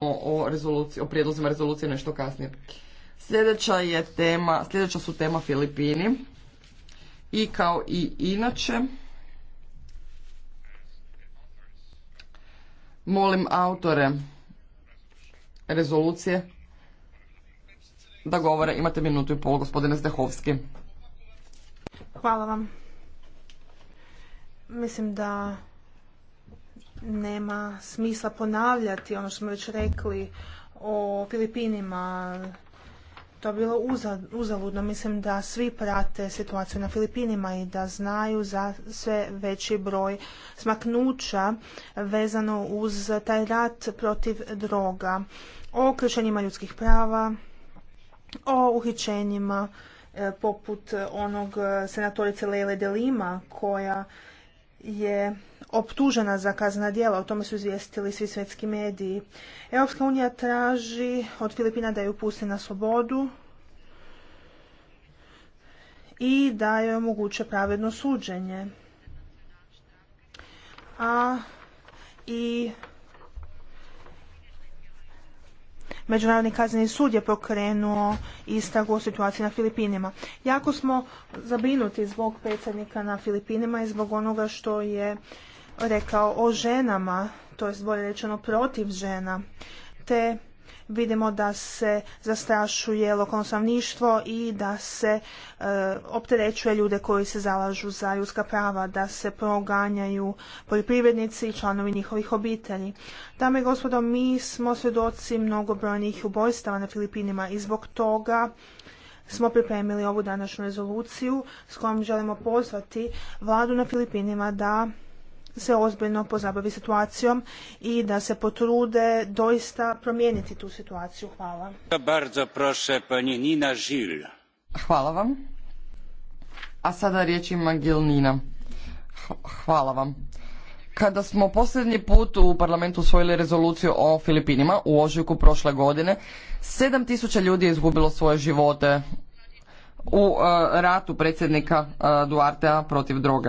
o, o prijedlozima rezolucije nešto kasnije. Sljedeća je tema, sljedeća su tema Filipini i kao i inače molim autore rezolucije da govore. Imate minutu i pol, gospodine Zdehovski. Hvala vam. Mislim da nema smisla ponavljati ono što smo već rekli o Filipinima. To je bilo uzaludno. Mislim da svi prate situaciju na Filipinima i da znaju za sve veći broj smaknuća vezano uz taj rat protiv droga. O kršenjima ljudskih prava, o uhićenjima e, poput onog e, senatorice Lele Delima koja je optužena za kazna djela, o tome su izvijestili svi svjetski mediji. Europska unija traži od Filipina da ju pusti na slobodu i da joj omoguće pravedno suđenje. A i Međunarodni kazneni sud je pokrenuo istragu o situaciji na Filipinima. Jako smo zabrinuti zbog predsjednika na Filipinima i zbog onoga što je rekao o ženama, to je bolje rečeno protiv žena, te vidimo da se zastrašuje lokalno stanovništvo i da se e, opterećuje ljude koji se zalažu za ljudska prava, da se proganjaju poljoprivrednici i članovi njihovih obitelji. Dame i gospodo, mi smo svjedoci mnogobrojnih ubojstava na Filipinima i zbog toga smo pripremili ovu današnju rezoluciju s kojom želimo pozvati vladu na Filipinima da se ozbiljno pozabavi situacijom i da se potrude doista promijeniti tu situaciju. Hvala. Hvala vam. A sada riječ ima Gilnina. Hvala vam. Kada smo posljednji put u parlamentu usvojili rezoluciju o Filipinima u ožujku prošle godine, 7000 ljudi je izgubilo svoje živote u e, ratu predsjednika uh, Duartea protiv droge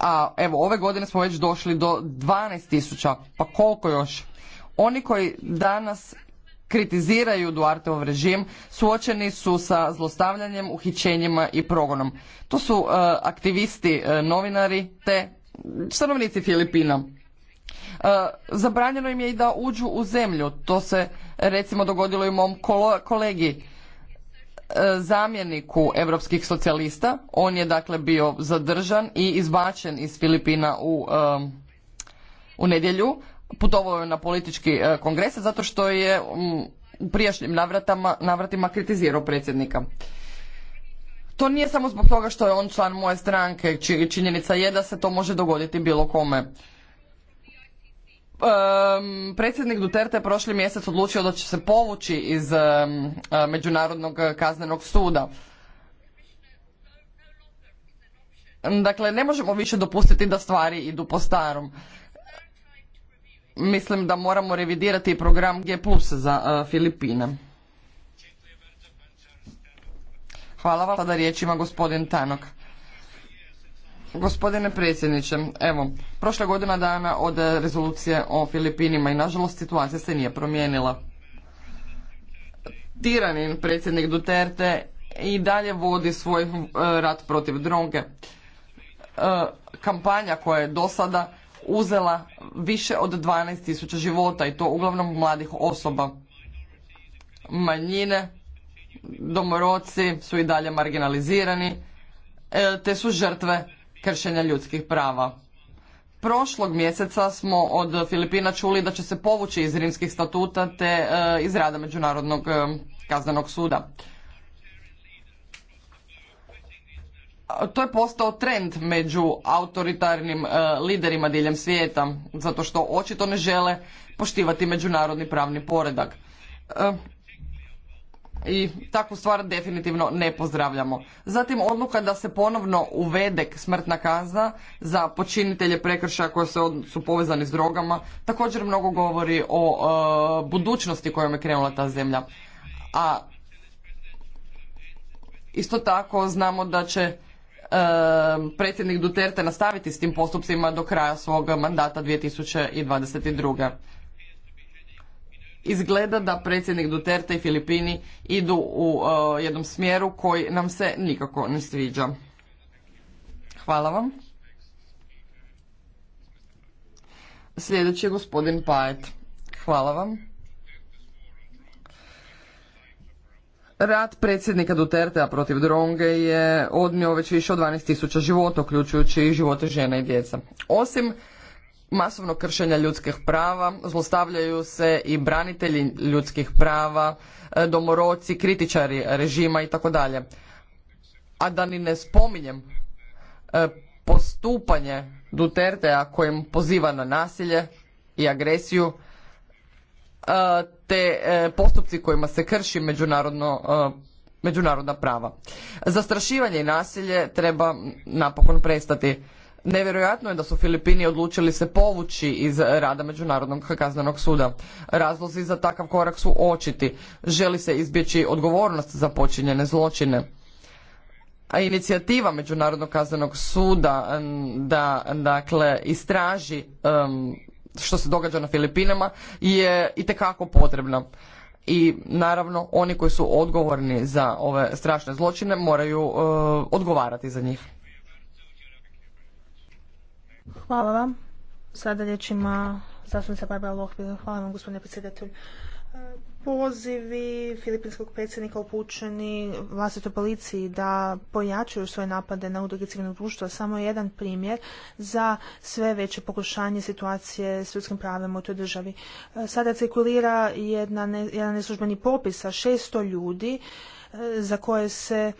a evo ove godine smo već došli do 12 tisuća, pa koliko još? Oni koji danas kritiziraju Duarteov režim suočeni su sa zlostavljanjem, uhićenjima i progonom. To su e, aktivisti, e, novinari te stanovnici Filipina. Uh, zabranjeno im je i da uđu u zemlju. To se recimo dogodilo i mom kolegi E, zamjeniku europskih socijalista. On je dakle bio zadržan i izbačen iz Filipina u, e, u nedjelju. Putovao je na politički e, kongres zato što je u prijašnjim navratima kritizirao predsjednika. To nije samo zbog toga što je on član moje stranke, činjenica je da se to može dogoditi bilo kome. Um, predsjednik Duterte prošli mjesec odlučio da će se povući iz e, Međunarodnog kaznenog suda. Dakle, ne možemo više dopustiti da stvari idu po starom. Mislim da moramo revidirati program G plus za e, Filipine. Hvala vam da riječ ima gospodin Tanok. Gospodine predsjedniče, evo, prošla godina dana od rezolucije o Filipinima i nažalost situacija se nije promijenila. Tiranin predsjednik Duterte i dalje vodi svoj eh, rat protiv droge. Eh, kampanja koja je do sada uzela više od 12.000 života i to uglavnom mladih osoba. Manjine, domoroci su i dalje marginalizirani, eh, te su žrtve kršenja ljudskih prava. Prošlog mjeseca smo od Filipina čuli da će se povući iz rimskih statuta te e, iz rada Međunarodnog e, kaznenog suda. To je postao trend među autoritarnim e, liderima diljem svijeta, zato što očito ne žele poštivati međunarodni pravni poredak i takvu stvar definitivno ne pozdravljamo. Zatim odluka da se ponovno uvede smrtna kazna za počinitelje prekršaja koji su povezani s drogama također mnogo govori o e, budućnosti kojom je krenula ta zemlja. A isto tako znamo da će e, predsjednik Duterte nastaviti s tim postupcima do kraja svog mandata 2022. Izgleda da predsjednik Duterte i Filipini idu u uh, jednom smjeru koji nam se nikako ne sviđa. Hvala vam. Sljedeći je gospodin Pajet. Hvala vam. Rat predsjednika Duterte protiv Dronge je odnio već više od 12.000 života, uključujući i živote žena i djeca. Osim masovno kršenja ljudskih prava, zlostavljaju se i branitelji ljudskih prava, e, domoroci, kritičari režima i tako dalje. A da ni ne spominjem e, postupanje Dutertea kojim poziva na nasilje i agresiju, e, te postupci kojima se krši međunarodno međunarodna prava. Zastrašivanje i nasilje treba napokon prestati. Nevjerojatno je da su Filipini odlučili se povući iz rada Međunarodnog kaznenog suda. Razlozi za takav korak su očiti. Želi se izbjeći odgovornost za počinjene zločine. A inicijativa Međunarodnog kaznenog suda da dakle istraži što se događa na Filipinama je tekako potrebna i naravno oni koji su odgovorni za ove strašne zločine moraju e, odgovarati za njih. Hvala vam. Sada riječima zastupnica Barbara Lohbil. Hvala vam gospodine predsjedatelju e, pozivi filipinskog predsjednika upućeni vlastitoj policiji da pojačaju svoje napade na udruge civilnog društva samo jedan primjer za sve veće pokušanje situacije s ljudskim pravima u toj državi. E, sada cirkulira jedna, jedan neslužbeni popis sa 600 ljudi e, za koje se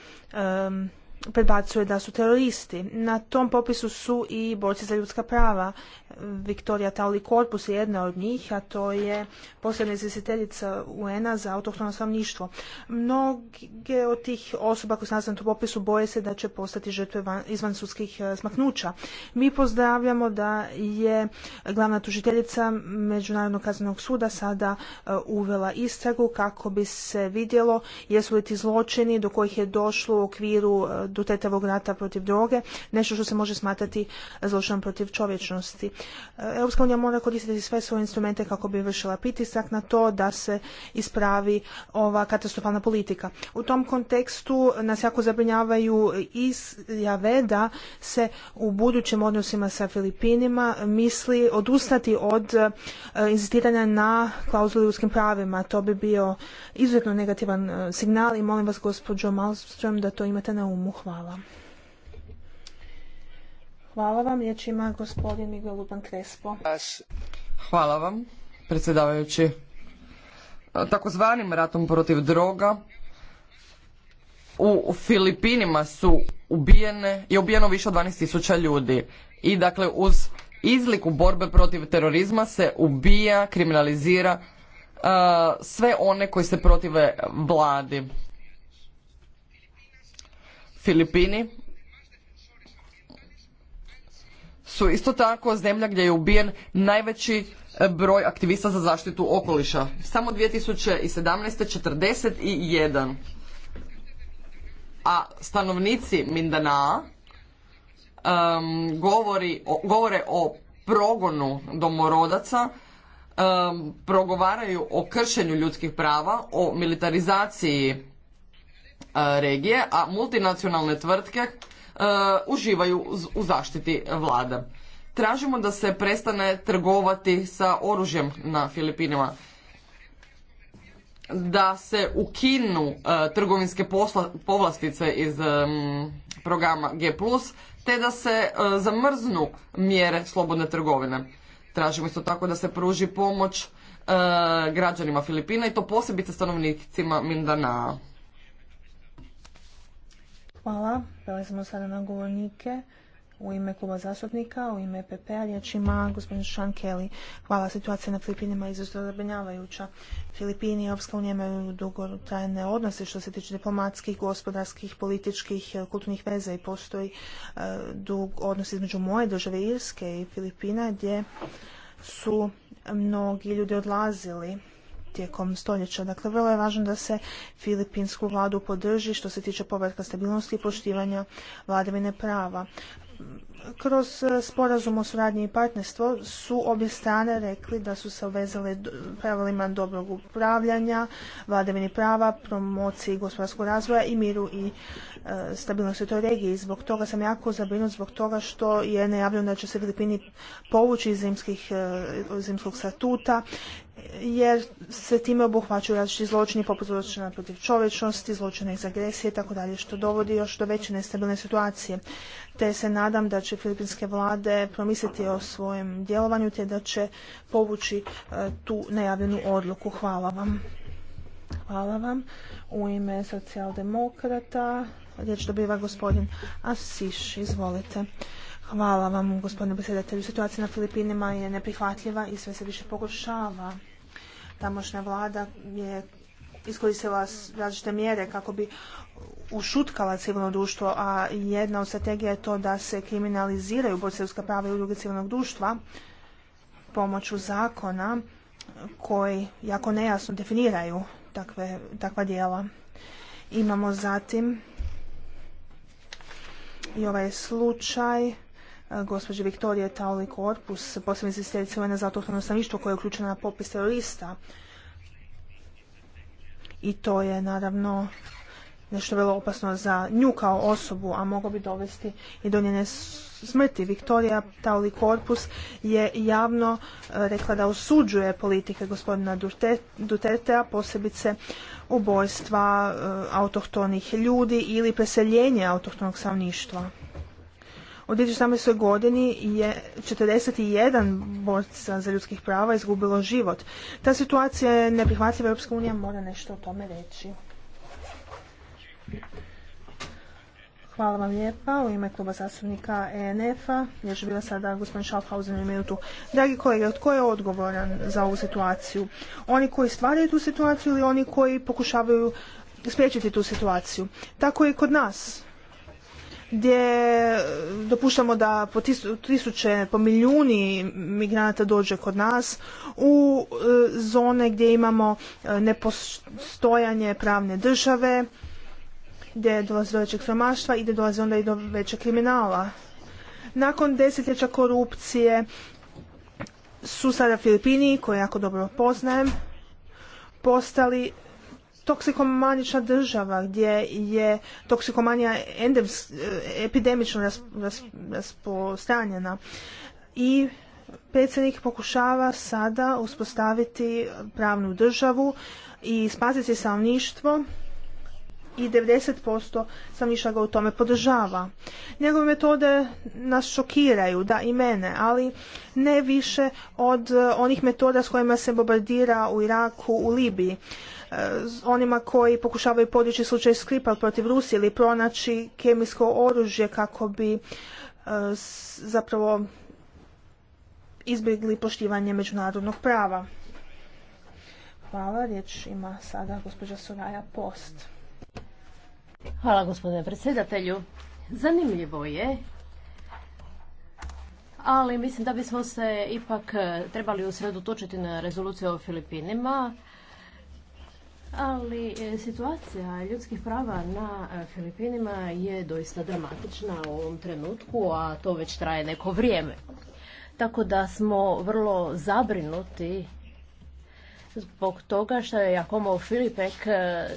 predbacuje da su teroristi. Na tom popisu su i borci za ljudska prava. Viktorija Tauli Korpus je jedna od njih, a to je posebna izvjestiteljica UN-a za autohtono stanovništvo. Mnoge od tih osoba koje se nalaze na popisu boje se da će postati žrtve izvan sudskih e, smaknuća. Mi pozdravljamo da je glavna tužiteljica Međunarodnog kaznenog suda sada e, uvela istragu kako bi se vidjelo jesu li ti zločini do kojih je došlo u okviru e, dutetavog rata protiv droge, nešto što se može smatrati zločinom protiv čovječnosti. Europska unija mora koristiti sve svoje instrumente kako bi vršila pritisak na to da se ispravi ova katastrofalna politika. U tom kontekstu nas jako zabrinjavaju izjave da se u budućim odnosima sa Filipinima misli odustati od e, inzistiranja na klauzuli ljudskim pravima. To bi bio izuzetno negativan e, signal i molim vas gospođo Malmström da to imate na umu. Hvala. Hvala vam. Riječ ima Miguel Hvala vam, predsjedavajući. Takozvanim ratom protiv droga u Filipinima su ubijene, je ubijeno više od 12.000 ljudi. I dakle uz izliku borbe protiv terorizma se ubija, kriminalizira e, sve one koji se protive vladi. Filipini su isto tako zemlja gdje je ubijen najveći e, broj aktivista za zaštitu okoliša. Samo 2017. 41. A stanovnici Mindanaa um, govori, govore o progonu domorodaca, progovaraju o kršenju ljudskih prava, o militarizaciji e, regije, a multinacionalne tvrtke Uh, uživaju u zaštiti vlada. Tražimo da se prestane trgovati sa oružjem na Filipinima da se ukinu uh, trgovinske povlastice iz um, programa G+, te da se uh, zamrznu mjere slobodne trgovine. Tražimo isto tako da se pruži pomoć građanima Filipina i to posebice stanovnicima Mindanao. Hvala. Prelazimo sada na govornike u ime kluba zastupnika, u ime e PP-a, riječ ima gospodin Kelly. Hvala, situacija na Filipinima je izuzetno zabrinjavajuća. Filipini i Europska unija imaju dugotrajne odnose što se tiče diplomatskih, gospodarskih, političkih, eh, kulturnih veza i postoji eh, dug odnos između moje države Irske i Filipina gdje su mnogi ljudi odlazili tijekom stoljeća. Dakle, vrlo je važno da se filipinsku vladu podrži što se tiče povratka stabilnosti i poštivanja vladavine prava kroz e, sporazum o suradnji i partnerstvo su obje strane rekli da su se obvezale pravilima dobrog upravljanja, vladavini prava, promociji gospodarskog razvoja i miru i e, stabilnosti u toj regiji. Zbog toga sam jako zabrinut zbog toga što je najavljeno da će se Filipini povući iz e, zimskog statuta jer se time obuhvaćaju različiti zločini poput zločina protiv čovječnosti, zločina iz agresije i tako dalje, što dovodi još do veće nestabilne situacije. Te se nadam da će filipinske vlade promisliti o svojem djelovanju te da će povući e, tu najavljenu odluku. Hvala vam. Hvala vam. U ime socijaldemokrata riječ dobiva gospodin Asiš. Izvolite. Hvala vam, gospodine predsjedatelju. Situacija na Filipinima je neprihvatljiva i sve se više pogoršava. Tamošnja vlada je iskoristila različite mjere kako bi ušutkala civilno društvo, a jedna od strategija je to da se kriminaliziraju bosanska prava i udruge civilnog društva pomoću zakona koji jako nejasno definiraju takve, takva dijela. Imamo zatim i ovaj slučaj e, gospođe Viktorije Tauli Korpus, posebno izvjestiteljice na za autohtono stanovništvo koje je uključena na popis terorista. I to je naravno nešto vrlo opasno za nju kao osobu, a moglo bi dovesti i do njene smrti. Viktorija Tauli Korpus je javno e, rekla da osuđuje politike gospodina Dutertea, posebice ubojstva e, autohtonih ljudi ili preseljenje autohtonog stanovništva. U 2018. godini je 41 borca za ljudskih prava izgubilo život. Ta situacija je neprihvatljiva, Europska unija mora nešto o tome reći. Hvala vam lijepa. U ime kluba zastupnika ENF-a je bila sada gospodin Schaffhausen u minutu. Dragi kolege, tko je odgovoran za ovu situaciju? Oni koji stvaraju tu situaciju ili oni koji pokušavaju spriječiti tu situaciju? Tako i kod nas gdje eh, dopuštamo da po tisuće, po milijuni migranata dođe kod nas u eh, zone gdje imamo eh, nepostojanje pravne države, gdje dolazi do većeg sromaštva i gdje dolazi onda i do većeg kriminala. Nakon desetljeća korupcije su sada Filipini, koje jako dobro poznajem, postali toksikomanična država gdje je toksikomanija epidemično ras, I predsjednik pokušava sada uspostaviti pravnu državu i spasiti stanovništvo i 90% išla ga u tome podržava. Njegove metode nas šokiraju, da i mene, ali ne više od e, onih metoda s kojima se bombardira u Iraku, u Libiji e, onima koji pokušavaju podići slučaj Skripal protiv Rusije ili pronaći kemijsko oružje kako bi e, zapravo izbjegli poštivanje međunarodnog prava. Hvala, riječ ima sada gospođa Soraja Post. Hvala gospodine predsjedatelju. Zanimljivo je, ali mislim da bismo se ipak trebali usredotočiti na rezoluciju o Filipinima. Ali e, situacija ljudskih prava na e, Filipinima je doista dramatična u ovom trenutku, a to već traje neko vrijeme. Tako da smo vrlo zabrinuti zbog toga što je Jakomo Filipek, e,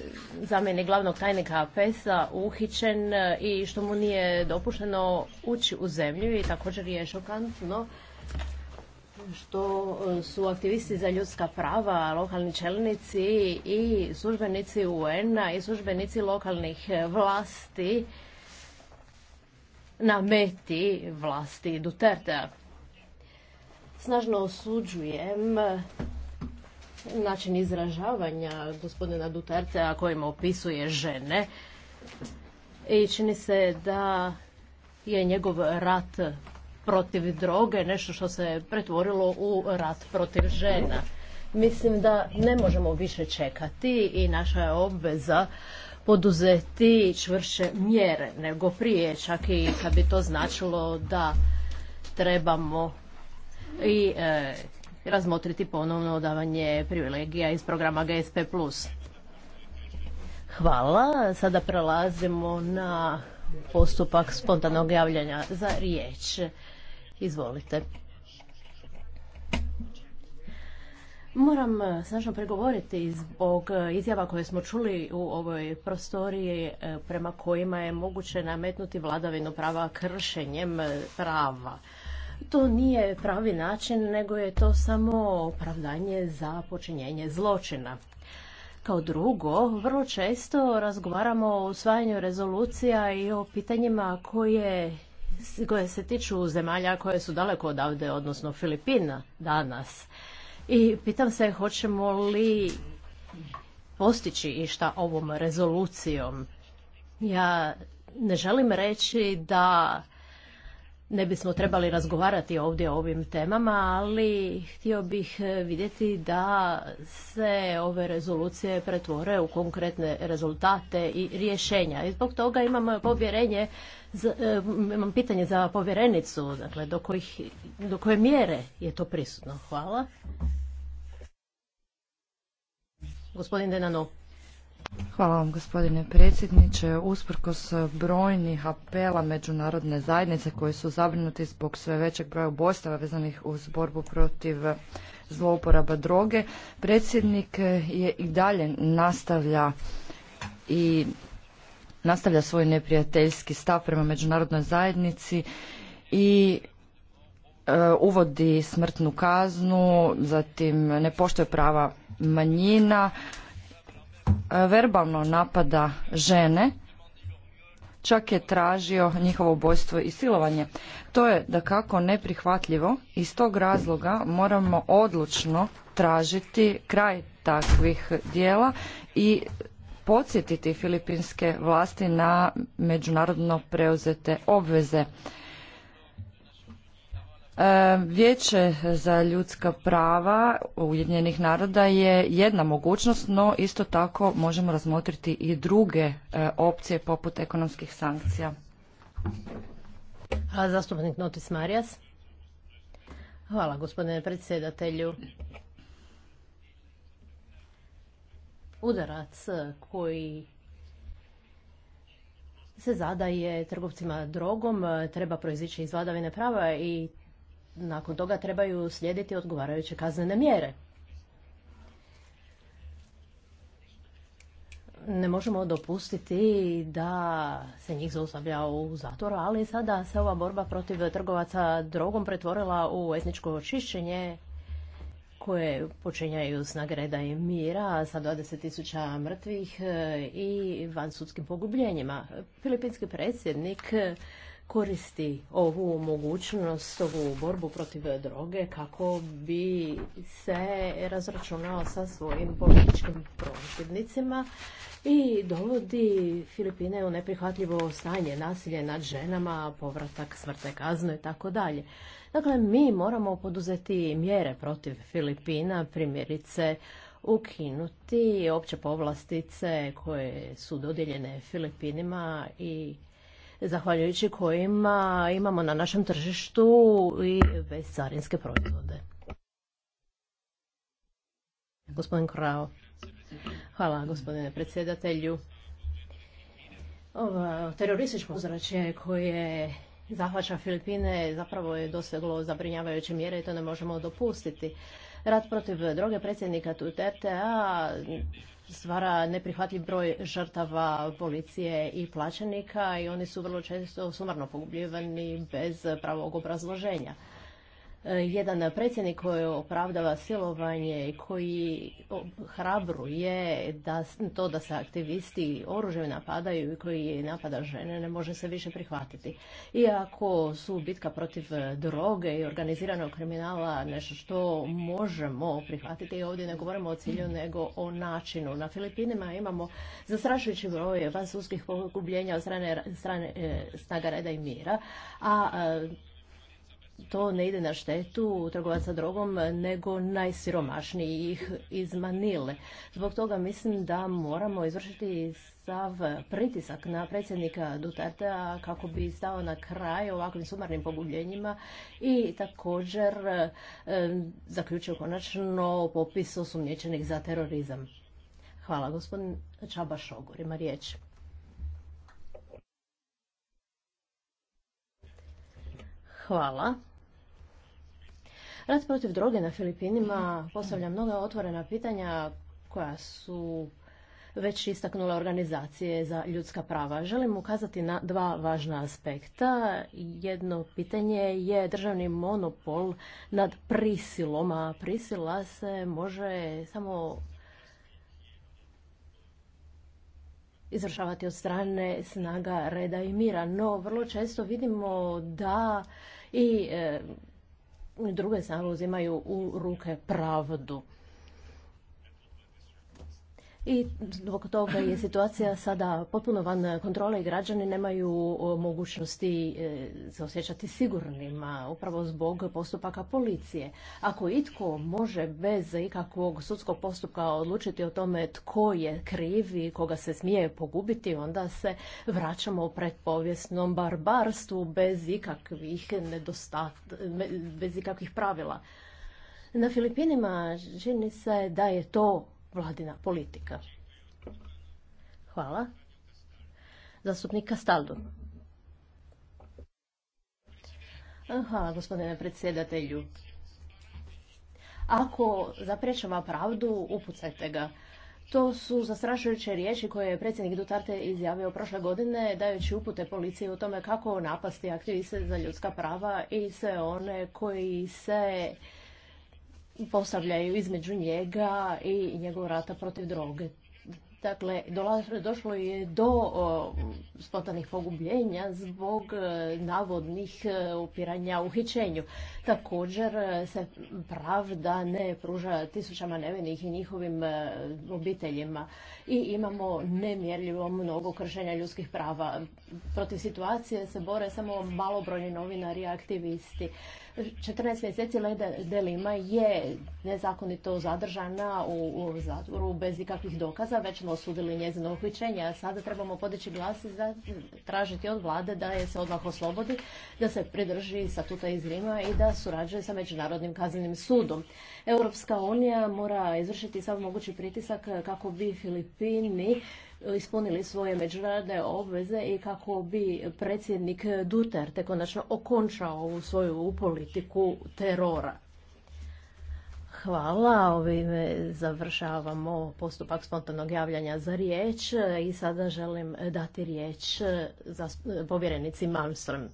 zamjeni glavnog tajnika PES-a, uhićen e, i što mu nije dopušteno ući u zemlju i također je šokantno što e, su aktivisti za ljudska prava, lokalni čelnici i službenici UN-a i službenici lokalnih vlasti na meti vlasti Duterte. Snažno osuđujem način izražavanja gospodina a kojima opisuje žene. I čini se da je njegov rat protiv droge nešto što se pretvorilo u rat protiv žena. Mislim da ne možemo više čekati i naša je obveza poduzeti čvrše mjere nego prije, čak i kad bi to značilo da trebamo i e, razmotriti ponovno odavanje privilegija iz programa GSP+. Hvala. Sada prelazimo na postupak spontanog javljanja za riječ. Izvolite. Moram snažno pregovoriti zbog izjava koje smo čuli u ovoj prostoriji e, prema kojima je moguće nametnuti vladavinu prava kršenjem prava to nije pravi način, nego je to samo opravdanje za počinjenje zločina. Kao drugo, vrlo često razgovaramo o usvajanju rezolucija i o pitanjima koje koje se tiču zemalja koje su daleko odavde, odnosno Filipina danas. I pitam se hoćemo li postići išta ovom rezolucijom. Ja ne želim reći da ne bismo trebali razgovarati ovdje o ovim temama, ali htio bih e, vidjeti da se ove rezolucije pretvore u konkretne rezultate i rješenja. I zbog toga imam povjerenje, e, imam pitanje za povjerenicu, dakle do, kojih, do koje mjere je to prisutno. Hvala. Gospodin Denano. Hvala vam gospodine predsjedniče. Usprkos brojnih apela međunarodne zajednice koji su zabrinuti zbog sve većeg broja ubojstava vezanih uz borbu protiv zlouporaba droge, predsjednik je i dalje nastavlja i nastavlja svoj neprijateljski stav prema međunarodnoj zajednici i e, uvodi smrtnu kaznu, zatim ne poštuje prava manjina, E, verbalno napada žene, čak je tražio njihovo ubojstvo i silovanje. To je da kako neprihvatljivo i iz tog razloga moramo odlučno tražiti kraj takvih dijela i podsjetiti filipinske vlasti na međunarodno preuzete obveze. E, Vijeće za ljudska prava Ujedinjenih naroda je jedna mogućnost, no isto tako možemo razmotriti i druge e, opcije poput ekonomskih sankcija. Hvala zastupnik Notis Marijas. Hvala gospodine predsjedatelju. Udarac e, koji se zadaje trgovcima drogom treba proizići iz vladavine prava i nakon toga trebaju slijediti odgovarajuće kaznene mjere. Ne možemo dopustiti da se njih zaustavlja u zatvor, ali sada se ova borba protiv trgovaca drogom pretvorila u etničko očišćenje koje počinjaju s reda i mira sa 20.000 mrtvih e, i vansudskim pogubljenjima. Filipinski predsjednik koristi ovu mogućnost, ovu borbu protiv droge kako bi se razračunao sa svojim političkim protivnicima i dovodi Filipine u neprihvatljivo stanje nasilje nad ženama, povratak smrte kazne i tako dalje. Dakle, mi moramo poduzeti mjere protiv Filipina, primjerice ukinuti opće povlastice koje su dodijeljene Filipinima i zahvaljujući kojima imamo na našem tržištu i bezcarinske proizvode. Gospodin Krao. Hvala gospodine predsjedatelju. terorističko uzračje koje zahvaća Filipine zapravo je doseglo zabrinjavajuće mjere i to ne možemo dopustiti. Rat protiv droge predsjednika Dutertea stvara neprihvatljiv broj žrtava policije i plaćenika i oni su vrlo često sumarno pogubljivani bez pravog obrazloženja. E, jedan predsjednik koji opravdava silovanje i koji je da to da se aktivisti oružje napadaju i koji napada žene ne može se više prihvatiti. Iako su bitka protiv droge i organiziranog kriminala nešto što možemo prihvatiti, ovdje ne govorimo o cilju nego o načinu. Na Filipinima imamo zastrašujući broj vansuskih pogubljenja od strane, strane e, snaga reda i mira, a to ne ide na štetu trgovaca drogom nego najsiromašnijih iz Manile. Zbog toga mislim da moramo izvršiti sav pritisak na predsjednika Dutertea kako bi stao na kraj ovakvim sumarnim pogubljenjima i također e, zaključio konačno popis osumnječenih za terorizam. Hvala, gospodin Čaba Šogor, ima riječ. Hvala. Rat protiv droge na Filipinima postavlja mnoga otvorena pitanja koja su već istaknula organizacije za ljudska prava. Želim ukazati na dva važna aspekta. Jedno pitanje je državni monopol nad prisilom, a prisila se može samo izvršavati od strane snaga reda i mira. No, vrlo često vidimo da i e, druge strane uzimaju u ruke pravdu i zbog toga je situacija sada potpuno van kontrole i građani nemaju mogućnosti e, se osjećati sigurnima upravo zbog postupaka policije. Ako itko može bez ikakvog sudskog postupka odlučiti o tome tko je kriv i koga se smije pogubiti, onda se vraćamo u predpovijesnom barbarstvu bez ikakvih nedostat, bez ikakvih pravila. Na Filipinima čini se da je to vladina politika. Hvala. Zastupnika Staldu. Hvala, gospodine predsjedatelju. Ako zaprećava pravdu, upucajte ga. To su zastrašujuće riječi koje je predsjednik Dutarte izjavio prošle godine dajući upute policiji o tome kako napasti aktiviste za ljudska prava i sve one koji se postavljaju između njega i njegov rata protiv droge. Dakle, došlo je do spontanih pogubljenja zbog e, navodnih e, upiranja uhićenju. Također e, se pravda ne pruža tisućama nevinih i njihovim obiteljima i imamo nemjerljivo mnogo kršenja ljudskih prava. Protiv situacije se bore samo malobrojni novinari i aktivisti. 14 mjeseci Lede Delima je nezakonito zadržana u, u zatvoru bez ikakvih dokaza, već smo osudili njezino uključenje, a sada trebamo podići glas i tražiti od vlade da je se odmah oslobodi, da se pridrži statuta iz Rima i da surađuje sa Međunarodnim kaznenim sudom. Europska unija mora izvršiti sav mogući pritisak kako bi Filipini ispunili svoje međunarodne obveze i kako bi predsjednik Duterte konačno okončao ovu svoju politiku terora. Hvala, ovime završavamo postupak spontanog javljanja za riječ i sada želim dati riječ za povjerenici Malmström.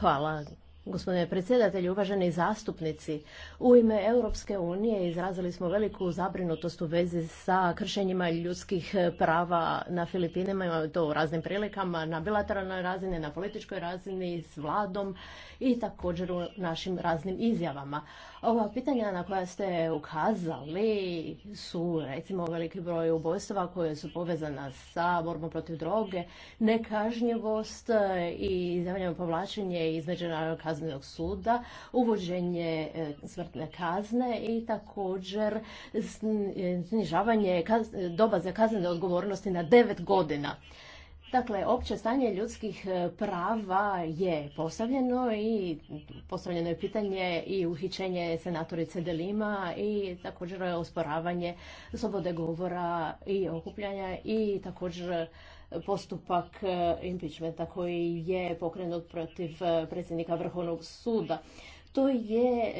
Hvala Gospodine predsjedatelju, uvaženi zastupnici, u ime Europske unije izrazili smo veliku zabrinutost u vezi sa kršenjima ljudskih prava na Filipinima, imamo to u raznim prilikama, na bilateralnoj razini, na političkoj razini, s vladom i također u našim raznim izjavama. Ova pitanja na koja ste ukazali su recimo veliki broj ubojstava koje su povezana sa borbom protiv droge, nekažnjivost e, i zemljeno povlačenje iz Međunarodnog kaznenog suda, uvođenje e, smrtne kazne i također e, snižavanje doba za kaznene odgovornosti na devet godina. Dakle, opće stanje ljudskih e, prava je postavljeno i postavljeno je pitanje i uhićenje senatorice Delima i također osporavanje slobode govora i okupljanja i također postupak e, impeachmenta koji je pokrenut protiv e, predsjednika Vrhovnog suda. To je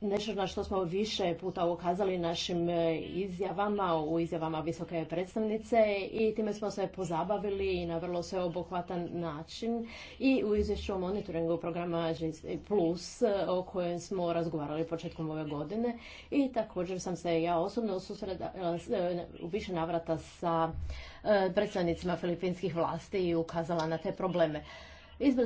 nešto na što smo više puta ukazali našim e, izjavama, u izjavama visoke predstavnice i time smo se pozabavili i na vrlo sveobuhvatan način i u izvješću o monitoringu programa Plus e, o kojem smo razgovarali početkom ove godine i također sam se ja osobno susredala e, u više navrata sa predstavnicima filipinskih vlasti i ukazala na te probleme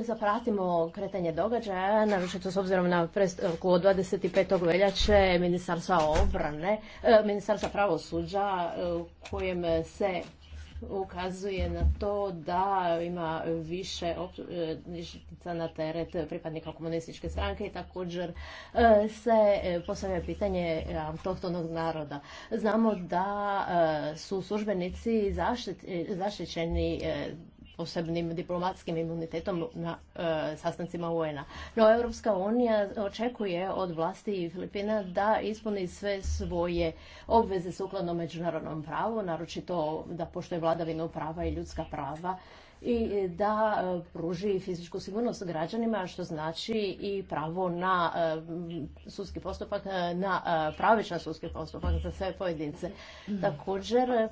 se pratimo kretanje događaja, to s obzirom na predstavku od 25. veljače Ministarstva obrane, eh, Ministarstva pravosuđa eh, kojem se ukazuje na to da ima više optužnica eh, na teret pripadnika komunističke stranke i također se postavlja pitanje autohtonog naroda. Znamo da su službenici zaštićeni posebnim diplomatskim imunitetom na e, sastancima UN-a. No, Europska unija očekuje od vlasti Filipina da ispuni sve svoje obveze sukladno međunarodnom pravu, naročito da poštuje vladavinu prava i ljudska prava i da e, pruži fizičku sigurnost građanima, što znači i pravo na e, sudski postupak, na pravičan sudski postupak za sve pojedince. Mhm. Također,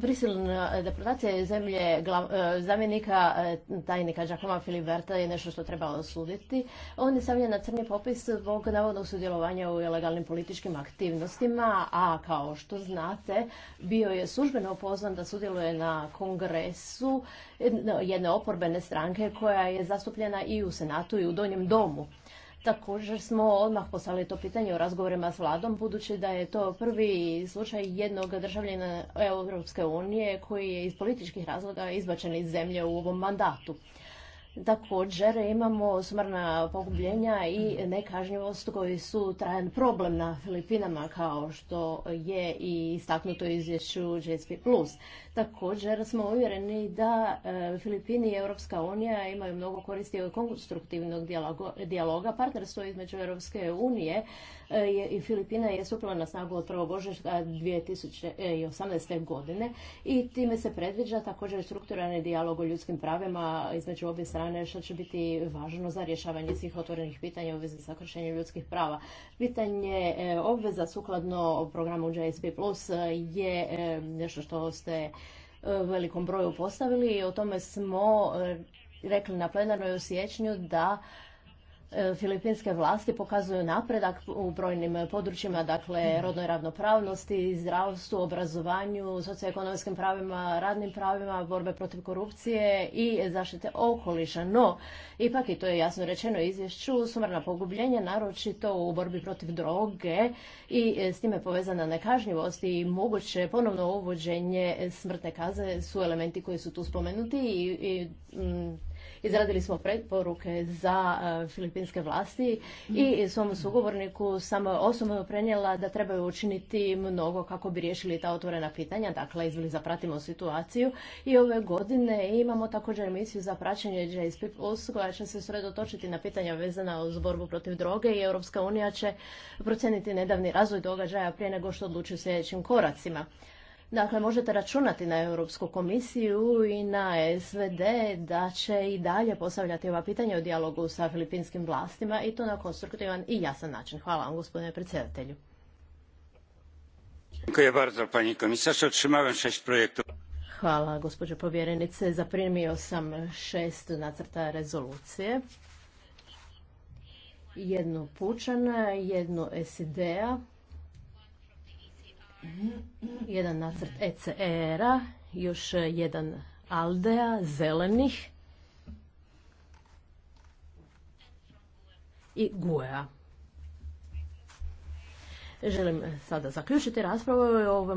Prisilna eh, deportacija zemlje eh, zamjenika eh, tajnika Giacomo Filiberta je nešto što treba osuditi. On je stavljen na crni popis zbog navodnog sudjelovanja u ilegalnim političkim aktivnostima, a kao što znate, bio je službeno upoznan da sudjeluje na kongresu jedne oporbene stranke koja je zastupljena i u Senatu i u Donjem domu. Također smo odmah poslali to pitanje o razgovorima s vladom, budući da je to prvi slučaj jednog državljena Europske unije koji je iz političkih razloga izbačen iz zemlje u ovom mandatu. Također imamo smrna pogubljenja i nekažnjivost koji su trajan problem na Filipinama kao što je i istaknuto u izvješću GSP+. Također smo uvjereni da e, Filipini i Europska unija imaju mnogo koristi od konstruktivnog dijaloga. Partnerstvo između Europske unije e, i Filipina je stupilo na snagu od 1. tisuće 2018. godine i time se predviđa također strukturalni dijalog o ljudskim pravima između obje strane nešto će biti važno za rješavanje svih otvorenih pitanja u vezi sa kršenjem ljudskih prava. Pitanje e, obveza sukladno programu JSP Plus je e, nešto što ste e, velikom broju postavili i o tome smo rekli na plenarnoj u da E, filipinske vlasti pokazuju napredak u brojnim područjima, dakle rodnoj ravnopravnosti, zdravstvu, obrazovanju, socioekonomskim pravima, radnim pravima, borbe protiv korupcije i zaštite okoliša. No, ipak i to je jasno rečeno izvješću, sumrna pogubljenja, naročito u borbi protiv droge i e, s time povezana nekažnjivost i moguće ponovno uvođenje smrtne kaze su elementi koji su tu spomenuti i, mm, Izradili smo preporuke za e, filipinske vlasti i svom sugovorniku sam osobno prenijela da trebaju učiniti mnogo kako bi riješili ta otvorena pitanja, dakle izvili zapratimo situaciju i ove godine imamo također emisiju za praćenje JSP Plus koja će se sredotočiti na pitanja vezana uz borbu protiv droge i Europska unija će procijeniti nedavni razvoj događaja prije nego što odluči u sljedećim koracima. Dakle, možete računati na Europsku komisiju i na SVD da će i dalje postavljati ova pitanja o dijalogu sa filipinskim vlastima i to na konstruktivan i jasan način. Hvala vam, gospodine predsjedatelju. Hvala, gospođo povjerenice. Zaprimio sam šest nacrta rezolucije. Jednu pučana, jednu SID-a, jedan nacrt ECR-a, još jedan Aldea, zelenih i Guea. Želim sada zaključiti raspravu o